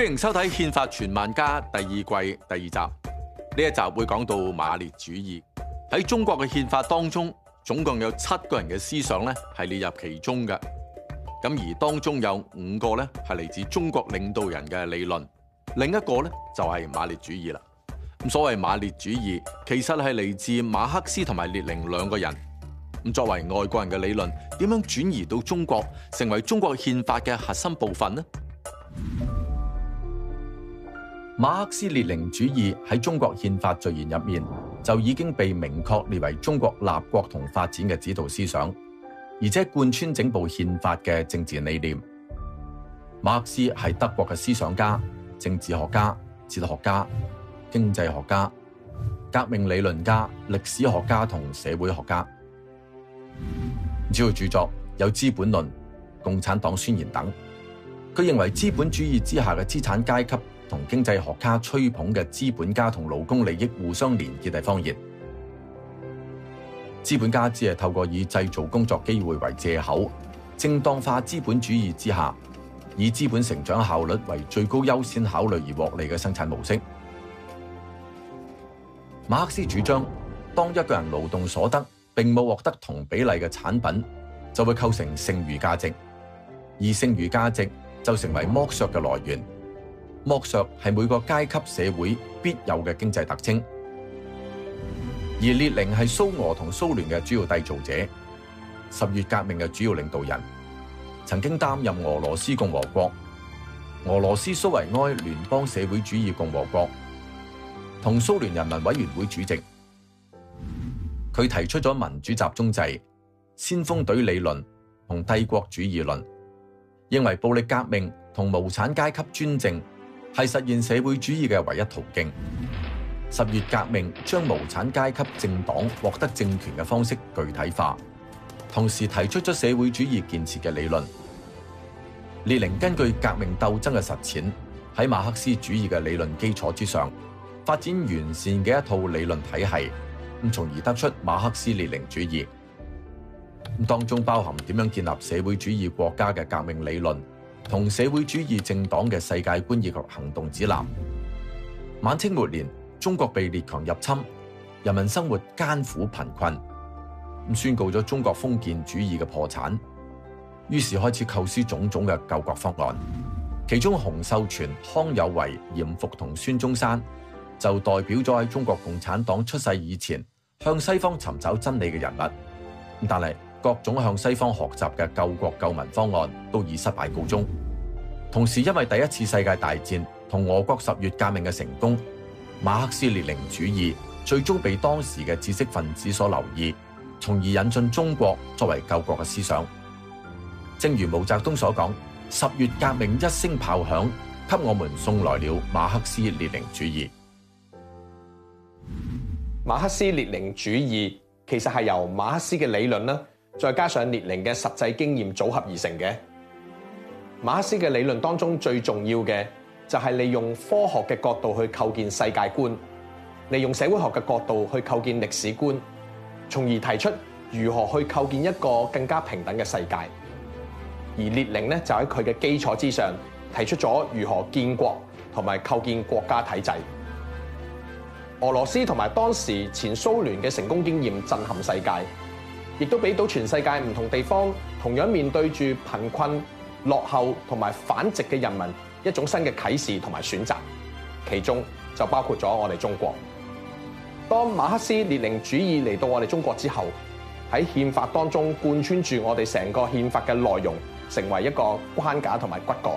歡迎收睇《憲法傳萬家》第二季第二集。呢一集會講到馬列主義喺中國嘅憲法當中，總共有七個人嘅思想咧係列入其中嘅。咁而當中有五個咧係嚟自中國領導人嘅理論，另一個咧就係馬列主義啦。咁所謂馬列主義，其實係嚟自馬克思同埋列寧兩個人。咁作為外國人嘅理論，點樣轉移到中國，成為中國憲法嘅核心部分呢？馬克思列寧主義喺中國憲法序言入面，就已經被明確列為中國立國同發展嘅指導思想，而且貫穿整部憲法嘅政治理念。馬克思係德國嘅思想家、政治學家、哲學家、經濟學家、革命理論家、歷史學家同社會學家。主要著作有《資本論》、《共產黨宣言》等。佢認為資本主義之下嘅資產階級。同經濟學家吹捧嘅資本家同勞工利益互相連結嘅謊言，資本家只係透過以製造工作機會為借口，正當化資本主義之下，以資本成長效率為最高優先考慮而獲利嘅生產模式。馬克思主張，當一個人勞動所得並冇獲得同比例嘅產品，就會構成剩餘價值，而剩餘價值就成為剝削嘅來源。剝削係每個階級社會必有嘅經濟特徵，而列寧係蘇俄同蘇聯嘅主要締造者，十月革命嘅主要領導人，曾經擔任俄羅斯共和國、俄羅斯蘇維埃聯邦社會主義共和國同蘇聯人民委員會主席。佢提出咗民主集中制、先鋒隊理論同帝國主義論，認為暴力革命同無產階級專政。係實現社會主義嘅唯一途徑。十月革命將無產階級政黨獲得政權嘅方式具體化，同時提出咗社會主義建設嘅理論。列寧根據革命鬥爭嘅實踐，喺馬克思主義嘅理論基礎之上，發展完善嘅一套理論體系，咁從而得出馬克思列寧主義。當中包含點樣建立社會主義國家嘅革命理論。同社會主義政黨嘅世界觀以及行動指南。晚清末年，中國被列強入侵，人民生活艱苦貧困，宣告咗中國封建主義嘅破產。於是開始構思種種嘅救國方案。其中，洪秀全、康有為、嚴復同孫中山就代表咗喺中國共產黨出世以前，向西方尋找真理嘅人物。但係，各種向西方學習嘅救國救民方案都以失敗告終。同時，因為第一次世界大戰同俄國十月革命嘅成功，馬克思列寧主義最終被當時嘅知識分子所留意，從而引進中國作為救國嘅思想。正如毛澤東所講：十月革命一聲炮響，給我們送來了馬克思列寧主義。馬克思列寧主義其實係由馬克思嘅理論啦。再加上列寧嘅實際經驗組合而成嘅。馬克思嘅理論當中最重要嘅就係利用科學嘅角度去構建世界觀，利用社會學嘅角度去構建歷史觀，從而提出如何去構建一個更加平等嘅世界。而列寧咧就喺佢嘅基礎之上提出咗如何建國同埋構建國家體制。俄羅斯同埋當時前蘇聯嘅成功經驗震撼世界，亦都俾到全世界唔同地方同樣面對住貧困、落後同埋反殖嘅人民一種新嘅啟示同埋選擇，其中就包括咗我哋中國。當馬克思列寧主義嚟到我哋中國之後，喺憲法當中貫穿住我哋成個憲法嘅內容，成為一個框架同埋骨幹。